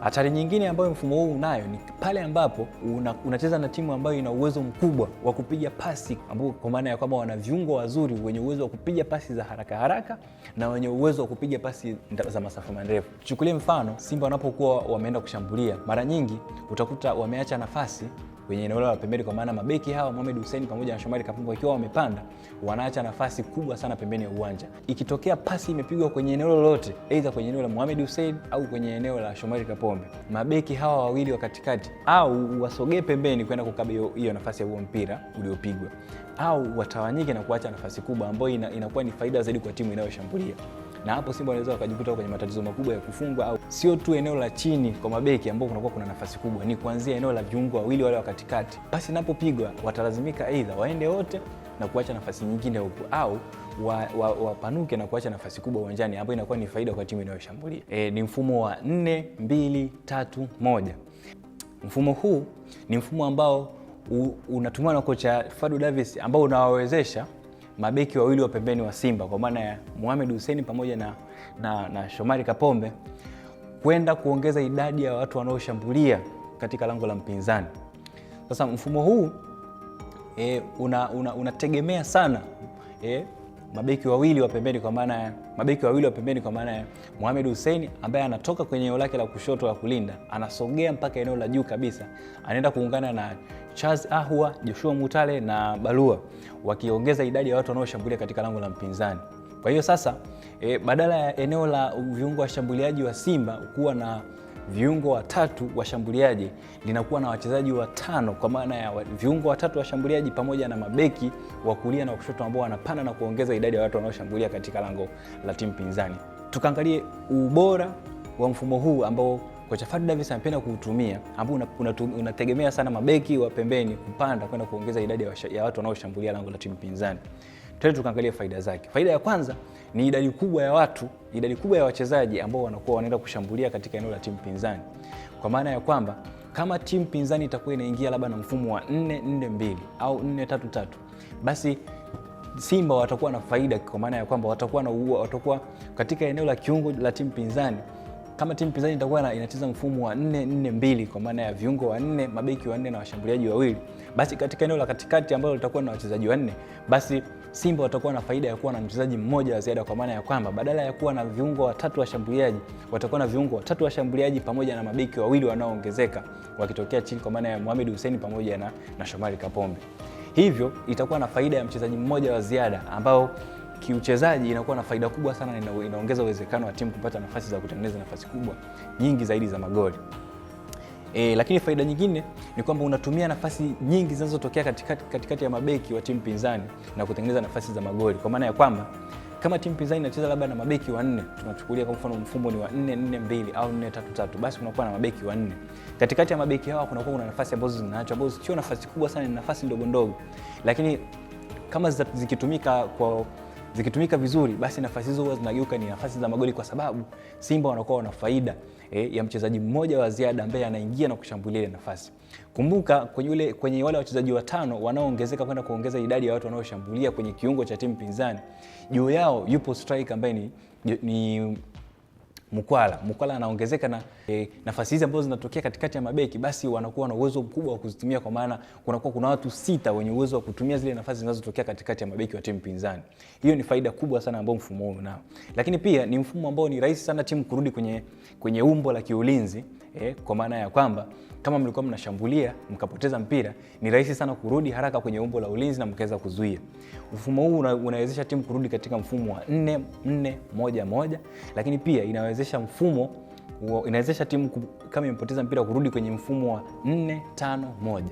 Hatari nyingine ambayo mfumo huu unayo ni pale ambapo una, unacheza na timu ambayo ina uwezo mkubwa wa kupiga pasi, ambapo kwa maana ya kwamba wana viungo wazuri wenye uwezo wa kupiga pasi za haraka haraka na wenye uwezo wa kupiga pasi za masafa marefu. Chukulie mfano Simba wanapokuwa wameenda kushambulia, mara nyingi utakuta wameacha nafasi kwenye eneo la pembeni, kwa maana mabeki hawa Mohamed Hussein pamoja na Shomari Kapombe wakiwa wamepanda, wanaacha nafasi kubwa sana pembeni ya uwanja. Ikitokea pasi imepigwa kwenye eneo lolote, aidha kwenye eneo la Mohamed Hussein au kwenye eneo la Shomari Kapombe, mabeki hawa wawili wa katikati au wasogee pembeni kwenda kukaba hiyo nafasi ya huo mpira uliopigwa, au watawanyike na kuacha nafasi kubwa ambayo inakuwa ina ni faida zaidi kwa timu inayoshambulia na hapo Simba wanaweza wakajikuta kwenye matatizo makubwa ya kufungwa, au sio tu eneo la chini kwa mabeki ambao kunakuwa kuna nafasi kubwa, ni kuanzia eneo la viungo wawili wale wa katikati, basi inapopigwa watalazimika aidha waende wote na kuacha nafasi nyingine huku au wapanuke wa, wa na kuacha nafasi kubwa uwanjani ambayo inakuwa ni faida kwa timu inayoshambulia. E, ni mfumo wa nne mbili tatu moja. Mfumo huu ni mfumo ambao unatumiwa na kocha Fadu Davis ambao unawawezesha mabeki wawili wa pembeni wa Simba kwa maana ya Mohamed Hussein pamoja na, na, na Shomari Kapombe kwenda kuongeza idadi ya watu wanaoshambulia katika lango la mpinzani. Sasa mfumo huu e, eh, unategemea una, una sana e, mabeki wawili wa pembeni kwa maana mabeki wawili wa pembeni kwa maana ya Mohamed Hussein ambaye anatoka kwenye eneo lake la kushoto la kulinda, anasogea mpaka eneo la juu kabisa, anaenda kuungana na Charles Ahua, Joshua Mutale na Balua, wakiongeza idadi ya watu wanaoshambulia katika lango la mpinzani. Kwa hiyo sasa e, badala ya eneo la viungo washambuliaji wa Simba kuwa na viungo watatu washambuliaji linakuwa na wachezaji watano, kwa maana ya viungo watatu washambuliaji pamoja na mabeki wa kulia na kushoto ambao wanapanda na kuongeza idadi ya watu wanaoshambulia katika lango la timu pinzani. Tukaangalie ubora wa mfumo huu ambao kocha Fadlu Davis anapenda kuutumia ambao unategemea una, una sana mabeki wa pembeni kupanda kwenda kuongeza idadi ya watu wanaoshambulia lango la timu pinzani. Twende tukaangalia faida zake. Faida ya kwanza ni idadi kubwa ya watu, idadi kubwa ya wachezaji ambao wanakuwa wanaenda kushambulia katika eneo la timu pinzani, kwa maana ya kwamba kama timu pinzani itakuwa inaingia labda na mfumo wa 4-4-2 au 4-3-3 basi Simba watakuwa na faida kwa maana ya kwamba watakuwa na uwa, watakuwa katika eneo la kiungo la timu pinzani. Kama timu pinzani itakuwa inacheza mfumo wa 4-4-2 kwa maana ya viungo wanne, mabeki wanne na washambuliaji wawili, basi katika eneo la katikati ambalo litakuwa na wachezaji wanne, basi Simba watakuwa na faida ya kuwa na mchezaji mmoja wa ziada, kwa maana ya kwamba badala ya kuwa na viungo watatu washambuliaji watakuwa na viungo watatu washambuliaji pamoja na mabeki wawili wanaoongezeka wakitokea chini, kwa maana ya Mohamed Hussein pamoja na, na Shomari Kapombe. Hivyo itakuwa na faida ya mchezaji mmoja wa ziada ambao kiuchezaji inakuwa na faida kubwa sana, inaongeza uwezekano wa timu kupata nafasi za kutengeneza nafasi kubwa nyingi zaidi za magoli. E, lakini faida nyingine ni kwamba unatumia nafasi nyingi zinazotokea katikati, katikati ya mabeki wa timu pinzani na kutengeneza nafasi za magoli, kwa maana ya kwamba kama timu pinzani inacheza labda na mabeki wanne, tunachukulia kwa mfano mfumo ni wa 4 4 au 4 3 basi kunakuwa na mabeki wanne. Katikati ya mabeki hawa kunakuwa kuna nafasi ambazo zinaachwa, ambazo sio nafasi kubwa sana, ni nafasi ndogo ndogo, lakini kama zikitumika kwa zikitumika vizuri, basi nafasi hizo huwa zinageuka ni nafasi za magoli, kwa sababu Simba wanakuwa wana faida eh, ya mchezaji mmoja wa ziada ambaye anaingia na kushambulia ile nafasi. Kumbuka kwenye ule, kwenye wale wachezaji watano wanaoongezeka kwenda kuongeza idadi ya watu wanaoshambulia kwenye kiungo cha timu pinzani, juu yao yupo striker ambaye ni, ni Mkwala Mkwala anaongezeka na e, nafasi hizi ambazo zinatokea katikati ya mabeki, basi wanakuwa na uwezo mkubwa wa kuzitumia, kwa maana kunakuwa kuna watu sita wenye uwezo wa kutumia zile nafasi zinazotokea katikati ya mabeki wa timu pinzani. Hiyo ni faida kubwa sana ambayo mfumo huu unao, lakini pia ni mfumo ambao ni rahisi sana timu kurudi kwenye, kwenye umbo la kiulinzi eh, kwa maana ya kwamba kama mlikuwa mnashambulia mkapoteza mpira, ni rahisi sana kurudi haraka kwenye umbo la ulinzi na mkaweza kuzuia. Mfumo huu unawezesha timu kurudi katika mfumo wa 4 4 1 1, lakini pia inawezesha mfumo inawezesha timu kama imepoteza mpira kurudi kwenye mfumo wa 4 5 1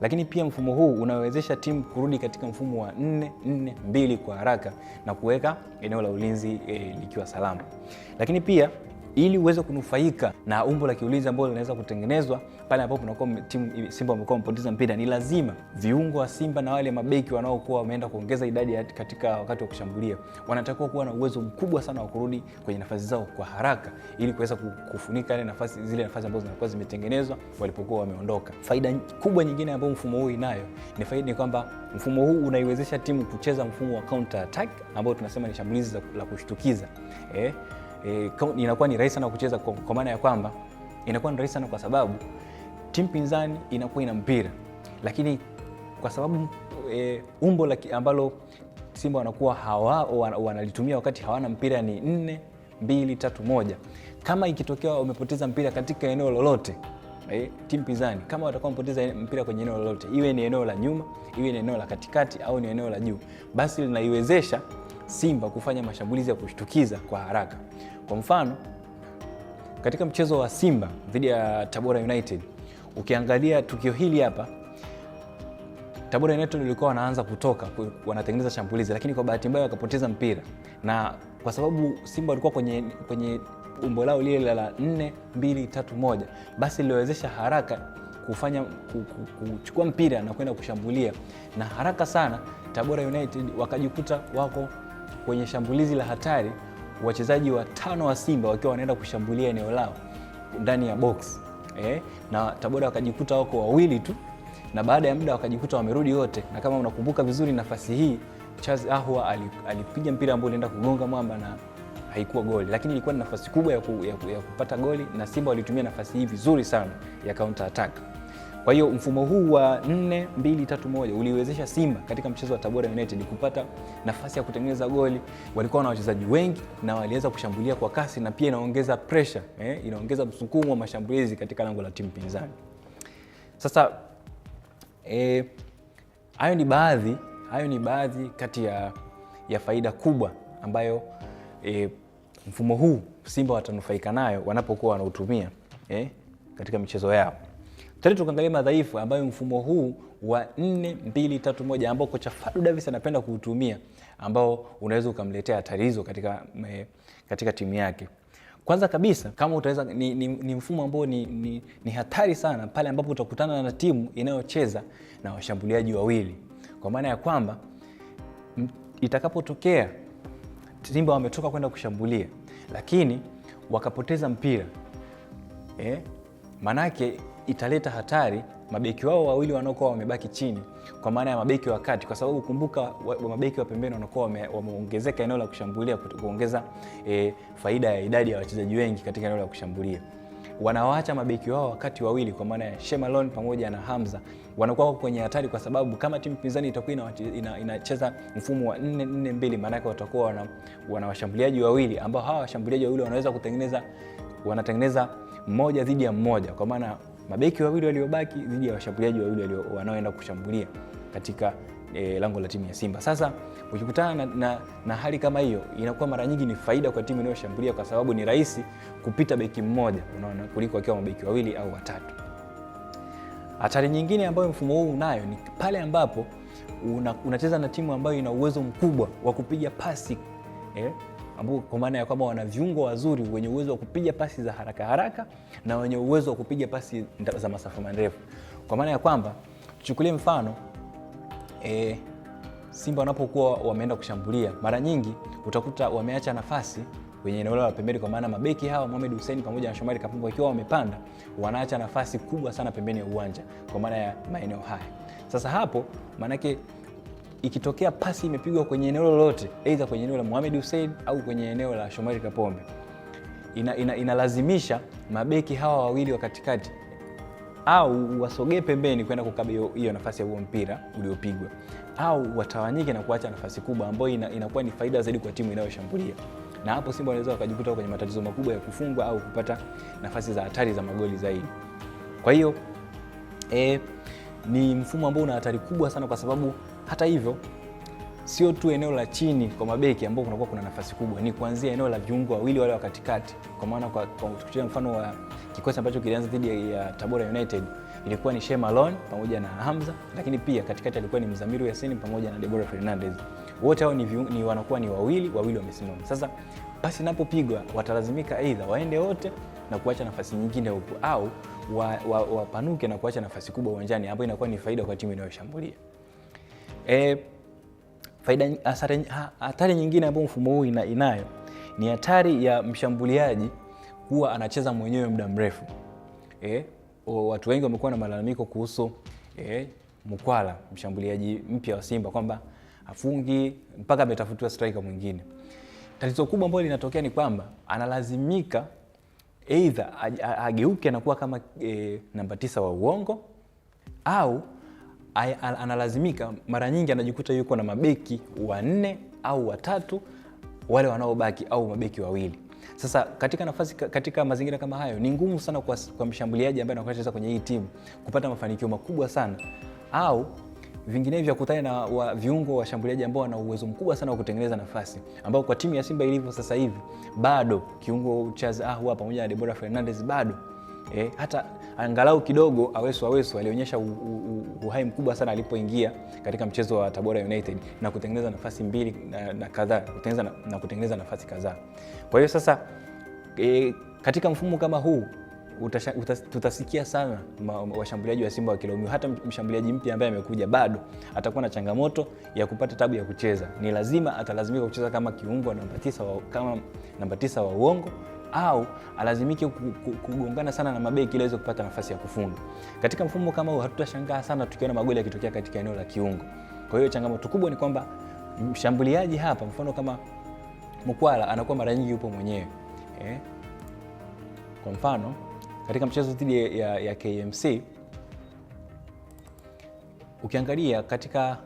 lakini pia mfumo huu unawezesha timu kurudi katika mfumo wa 4 4 2 kwa haraka na kuweka eneo la ulinzi e, likiwa salama. Lakini pia ili uweze kunufaika na umbo la kiulinzi ambalo linaweza kutengenezwa pale ambapo unakuwa timu Simba wamekuwa wamepoteza mpira, ni lazima viungo wa Simba na wale mabeki wanaokuwa wameenda kuongeza idadi katika wakati wa kushambulia wanatakiwa kuwa na uwezo mkubwa sana wa kurudi kwenye nafasi zao kwa haraka, ili kuweza kufunika ile nafasi, zile nafasi ambazo zinakuwa zimetengenezwa walipokuwa wameondoka. Faida kubwa nyingine ambayo mfumo huu inayo ni faida ni kwamba mfumo huu unaiwezesha timu kucheza mfumo wa counter attack ambao tunasema ni shambulizi la kushtukiza eh eh, inakuwa ni rahisi sana kucheza kwa, kwa maana ya kwamba inakuwa ni rahisi sana kwa sababu timu pinzani inakuwa ina mpira, lakini kwa sababu e, umbo la ambalo Simba wanakuwa hawa wanalitumia wakati hawana mpira ni nne mbili tatu moja. Kama ikitokea wamepoteza mpira katika eneo lolote eh, timu pinzani kama watakuwa wamepoteza mpira kwenye eneo lolote, iwe ni eneo la nyuma, iwe ni eneo la katikati au ni eneo la juu, basi linaiwezesha Simba kufanya mashambulizi ya kushtukiza kwa haraka. Kwa mfano, katika mchezo wa Simba dhidi ya Tabora United, ukiangalia tukio hili hapa, Tabora United walikuwa wanaanza kutoka, wanatengeneza shambulizi, lakini kwa bahati mbaya wakapoteza mpira, na kwa sababu Simba walikuwa kwenye, kwenye umbo lao lile la 4 2 3 basi liliwezesha haraka kufanya kuchukua mpira na kwenda kushambulia, na haraka sana Tabora United wakajikuta wako kwenye shambulizi la hatari, wachezaji watano wa Simba wakiwa wanaenda kushambulia eneo lao ndani ya box eh, na Tabora wakajikuta wako wawili tu, na baada ya muda wakajikuta wamerudi wote, na kama unakumbuka vizuri nafasi hii Charles Ahwa alipiga mpira ambao ulienda kugonga mwamba na haikuwa goli, lakini ilikuwa ni nafasi kubwa ya, ku, ya, ya kupata goli, na Simba walitumia nafasi hii vizuri sana ya counter attack. Kwa hiyo mfumo huu wa 4-2-3-1 uliwezesha Simba katika mchezo wa Tabora United kupata nafasi ya kutengeneza goli. Walikuwa na wachezaji wengi na waliweza kushambulia kwa kasi, na pia inaongeza pressure eh, inaongeza msukumo wa mashambulizi katika lango la timu pinzani. Sasa eh, hayo ni baadhi hayo ni baadhi kati ya, ya faida kubwa ambayo eh, mfumo huu Simba watanufaika nayo wanapokuwa wanautumia eh, katika michezo yao. Tena tukaangalia madhaifu ambayo mfumo huu wa 4231 ambao kocha Fadlu Davis anapenda kuutumia ambao unaweza ukamletea hatari katika, me, eh, katika timu yake. Kwanza kabisa kama utaweza ni, ni, ni mfumo ambao ni, ni, ni hatari sana pale ambapo utakutana na timu inayocheza na washambuliaji wawili, kwa maana ya kwamba itakapotokea Simba wametoka kwenda kushambulia lakini wakapoteza mpira eh, manake italeta hatari mabeki wao wawili wanaokuwa wamebaki chini, kwa maana ya mabeki wa kati, kwa sababu kumbuka wa mabeki wa pembeni wanakuwa wameongezeka eneo la kushambulia, kuongeza e, faida ya idadi ya wachezaji wengi katika eneo la kushambulia wanawaacha mabeki wao wakati wawili kwa maana ya Shemalon pamoja na Hamza wanakuwa kwenye hatari, kwa sababu kama timu pinzani itakuwa inacheza mfumo wa 4 4 2, maana yake watakuwa wana, wana washambuliaji wawili ambao hawa washambuliaji wawili wanaweza kutengeneza wanatengeneza mmoja dhidi ya mmoja, kwa maana mabeki wawili waliobaki dhidi ya washambuliaji wawili wanaoenda kushambulia katika e, lango la timu ya Simba. Sasa ukikutana na, na, na hali kama hiyo inakuwa mara nyingi ni faida kwa timu inayoshambulia kwa sababu ni rahisi kupita beki mmoja, unaona, kuliko wakiwa mabeki wawili au watatu. Hatari nyingine ambayo mfumo huu unayo ni pale ambapo unacheza una na timu ambayo ina uwezo mkubwa wa kupiga pasi eh, ambao kwa maana ya kwamba wana viungo wazuri wenye uwezo wa kupiga pasi za haraka haraka na wenye uwezo wa kupiga pasi za masafa marefu. Kwa maana ya kwamba tuchukulie mfano e, Simba wanapokuwa wameenda kushambulia, mara nyingi utakuta wameacha nafasi kwenye eneo la pembeni, kwa maana mabeki hawa Mohamed Hussein pamoja na Shomari Kapombe wakiwa wamepanda, wanaacha nafasi kubwa sana pembeni ya uwanja, kwa maana ya maeneo haya. Sasa hapo maanake ikitokea pasi imepigwa kwenye eneo lolote, aidha kwenye eneo la Mohamed Hussein au kwenye eneo la Shomari Kapombe, inalazimisha ina, ina mabeki hawa wawili wa katikati au wasogee pembeni kwenda kukaba hiyo nafasi ya huo mpira uliopigwa, au watawanyike na kuacha nafasi kubwa ambayo inakuwa ina ni faida zaidi kwa timu inayoshambulia, na hapo Simba wanaweza wakajikuta kwenye matatizo makubwa ya kufungwa au kupata nafasi za hatari za magoli zaidi. Kwa hiyo eh, ni mfumo ambao una hatari kubwa sana kwa sababu hata hivyo sio tu eneo la chini kwa mabeki ambao kunakuwa kuna nafasi kubwa, ni kuanzia eneo la viungo wawili wale wa katikati, kwa maana kwa kwa kuchukulia mfano wa kikosi ambacho kilianza dhidi ya ya Tabora United ilikuwa ni Shema Lon pamoja na Hamza, lakini pia katikati alikuwa ni Mzamiru Yasini pamoja na Deborah Fernandez. Wote hao ni, ni wanakuwa ni wawili wawili wamesimama. Sasa pasi inapopigwa watalazimika aidha waende wote na kuacha nafasi nyingine huku au wapanuke wa, wa na kuacha nafasi kubwa uwanjani ambayo inakuwa ni faida kwa timu inayoshambulia. E, faida, hatari nyingine ambayo mfumo huu ina, inayo ni hatari ya mshambuliaji huwa anacheza mwenyewe muda mrefu. E, watu wengi wamekuwa na malalamiko kuhusu e, Mkwala mshambuliaji mpya wa Simba kwamba afungi mpaka ametafutiwa striker mwingine. Tatizo kubwa ambalo linatokea ni kwamba analazimika aidha ageuke na kuwa kama e, namba tisa wa uongo au analazimika, mara nyingi anajikuta yuko na mabeki wanne au watatu, wale wanaobaki au mabeki wawili. Sasa katika nafasi, katika mazingira kama hayo, ni ngumu sana kwa, kwa mshambuliaji ambaye anacheza kwenye hii timu kupata mafanikio makubwa sana, au vinginevyo akutane na wa viungo washambuliaji ambao wana uwezo mkubwa sana wa kutengeneza nafasi, ambao kwa timu ya Simba ilivyo sasa hivi bado kiungo cha Ahoua pamoja na Deborah Fernandez bado eh, hata angalau kidogo Awesu Awesu alionyesha uhai mkubwa sana alipoingia katika mchezo wa Tabora United na kutengeneza nafasi mbili na, na kadhaa kutengeneza na, na kutengeneza nafasi kadhaa. Kwa hiyo sasa e, katika mfumo kama huu utasha, utas, tutasikia sana washambuliaji wa Simba wakilaumiwa. Hata mshambuliaji mpya ambaye amekuja bado atakuwa na changamoto ya kupata tabu ya kucheza, ni lazima atalazimika kucheza kama kiungo namba tisa wa, kama namba tisa wa uongo au alazimike kugongana sana na mabeki ili aweze kupata nafasi ya kufunga. Katika mfumo kama huu hatutashangaa sana tukiona magoli yakitokea katika eneo la kiungo. Kwa hiyo changamoto kubwa ni kwamba mshambuliaji hapa, mfano kama Mkwala, anakuwa mara nyingi yupo mwenyewe eh? Kwa mfano katika mchezo dhidi ya, ya KMC ukiangalia katika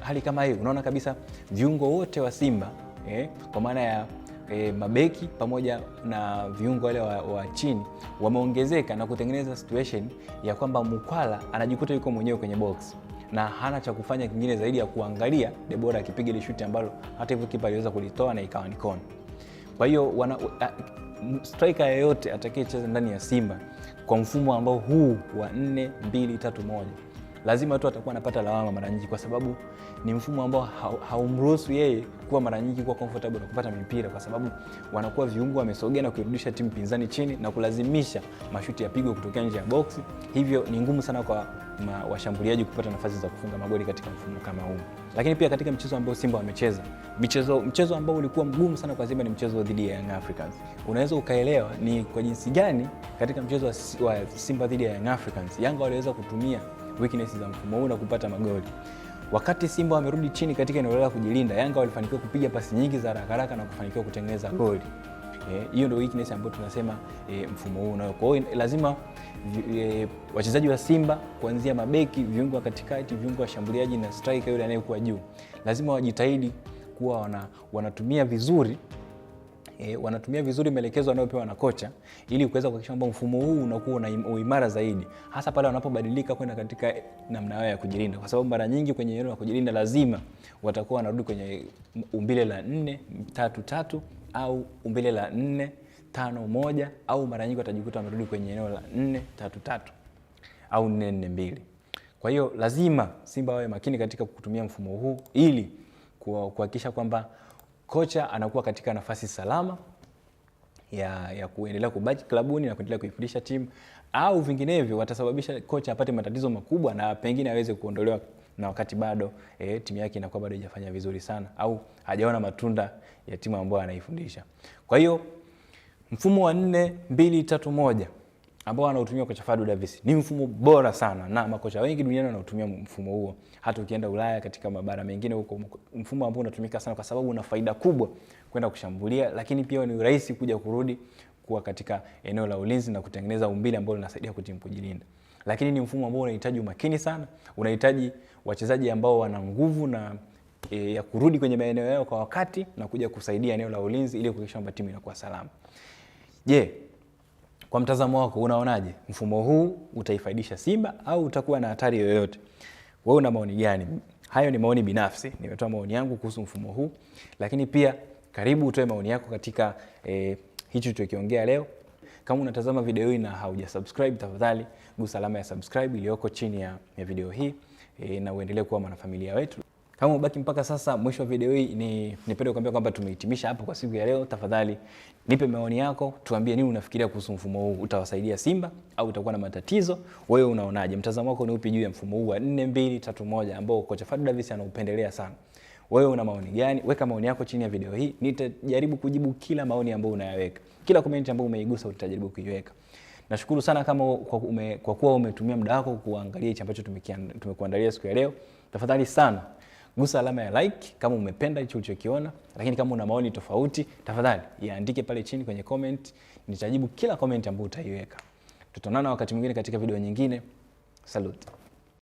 hali kama hii unaona kabisa viungo wote wa Simba eh, kwa maana ya e, mabeki pamoja na viungo wale wa, wa chini wameongezeka na kutengeneza situation ya kwamba Mukwala anajikuta yuko mwenyewe kwenye box na hana cha kufanya kingine zaidi ya kuangalia Debora akipiga ile shuti ambalo hata hivyo kipa aliweza kulitoa na ikawa ni kona. Kwa hiyo wana striker yeyote atakayecheza ndani ya Simba kwa mfumo ambao huu wa 4 2 3 1 lazima tu atakuwa anapata lawama mara nyingi, kwa sababu ni mfumo ambao haumruhusu hau yeye kuwa mara nyingi kuwa comfortable na kupata mipira, kwa sababu wanakuwa viungo wamesogea na kuirudisha timu pinzani chini na kulazimisha mashuti yapigwe kutokea nje ya boksi. Hivyo ni ngumu sana kwa washambuliaji kupata nafasi za kufunga magoli katika mfumo kama huu. Lakini pia katika mchezo ambao Simba wamecheza mchezo, mchezo ambao ulikuwa mgumu sana kwa Simba ni mchezo dhidi ya Young Africans. Unaweza ukaelewa ni kwa jinsi gani katika mchezo wa Simba dhidi ya Young Africans Yanga waliweza kutumia weakness za mfumo huu na kupata magoli. Wakati Simba wamerudi chini katika eneo la kujilinda, Yanga walifanikiwa kupiga pasi nyingi za haraka haraka na kufanikiwa kutengeneza goli. Eh, hiyo e, ndio weakness ambayo tunasema e, mfumo huu nayo. Kwa hiyo lazima e, wachezaji wa Simba kuanzia mabeki, viungo wa katikati, viungo washambuliaji na striker yule anayekuwa juu, lazima wajitahidi kuwa wana, wanatumia vizuri e, wanatumia vizuri maelekezo wanayopewa na kocha ili kuweza kuhakikisha kwamba mfumo huu unakuwa na uimara zaidi, hasa pale wanapobadilika kwenda katika namna yao ya kujilinda, kwa sababu mara nyingi kwenye eneo la kujilinda lazima watakuwa wanarudi kwenye umbile la nne tatu tatu au umbile la nne tano moja au mara nyingi watajikuta wamerudi kwenye eneo la nne tatu tatu au nne nne mbili. Kwa hiyo lazima Simba wawe makini katika kutumia mfumo huu ili kuhakikisha kwamba kocha anakuwa katika nafasi salama ya, ya kuendelea kubaki klabuni na kuendelea kuifundisha timu, au vinginevyo watasababisha kocha apate matatizo makubwa na pengine aweze kuondolewa na wakati bado e, timu yake inakuwa bado haijafanya vizuri sana au hajaona matunda ya timu ambayo anaifundisha. Kwa hiyo mfumo wa nne mbili tatu moja ambao wanautumia kocha Fadu Davis ni mfumo bora sana, na makocha wengi duniani wanaotumia mfumo huo. Hata ukienda Ulaya katika mabara mengine huko, mfumo ambao unatumika sana kwa sababu una faida kubwa kwenda kushambulia, lakini pia ni rahisi kuja kurudi kuwa katika eneo la ulinzi na kutengeneza umbile ambao linasaidia timu kujilinda. Lakini ni mfumo ambao unahitaji umakini sana, unahitaji wachezaji ambao wana nguvu na e, ya kurudi kwenye maeneo yao kwa wakati na kuja kusaidia eneo la ulinzi ili kuhakikisha kwamba timu inakuwa salama. Je, yeah. Kwa mtazamo wako unaonaje, mfumo huu utaifaidisha Simba au utakuwa na hatari yoyote? Wewe una maoni gani? Hayo ni maoni binafsi, nimetoa maoni yangu kuhusu mfumo huu, lakini pia karibu utoe maoni yako katika e, eh, hichi tulichokiongea leo. Kama unatazama video hii na haujasubscribe, tafadhali gusa alama ya subscribe iliyoko chini ya, ya video hii e, na uendelee kuwa mwanafamilia wetu. Kama ubaki mpaka sasa mwisho wa video hii, ni nipende kukuambia kwamba tumehitimisha hapo kwa siku ya leo. Tafadhali nipe maoni yako, tuambie nini unafikiria kuhusu mfumo huu. Utawasaidia Simba au utakuwa na matatizo? Wewe unaonaje? Mtazamo wako ni upi juu ya mfumo huu wa 4231 ambao kocha Fadlu Davis anaupendelea sana? Wewe una maoni gani? Weka maoni yako chini ya video hii, nitajaribu kujibu kila maoni ambayo unayaweka, kila comment ambayo umeigusa utajaribu kuiweka. Nashukuru sana kama kwa, ume, kwa kuwa umetumia muda wako kuangalia hichi ambacho tumekuandalia siku ya leo. Tafadhali sana gusa alama ya like kama umependa hicho ulichokiona, lakini kama una maoni tofauti, tafadhali iandike pale chini kwenye comment. Nitajibu kila comment ambayo utaiweka. Tutaonana wakati mwingine katika video nyingine. Salute.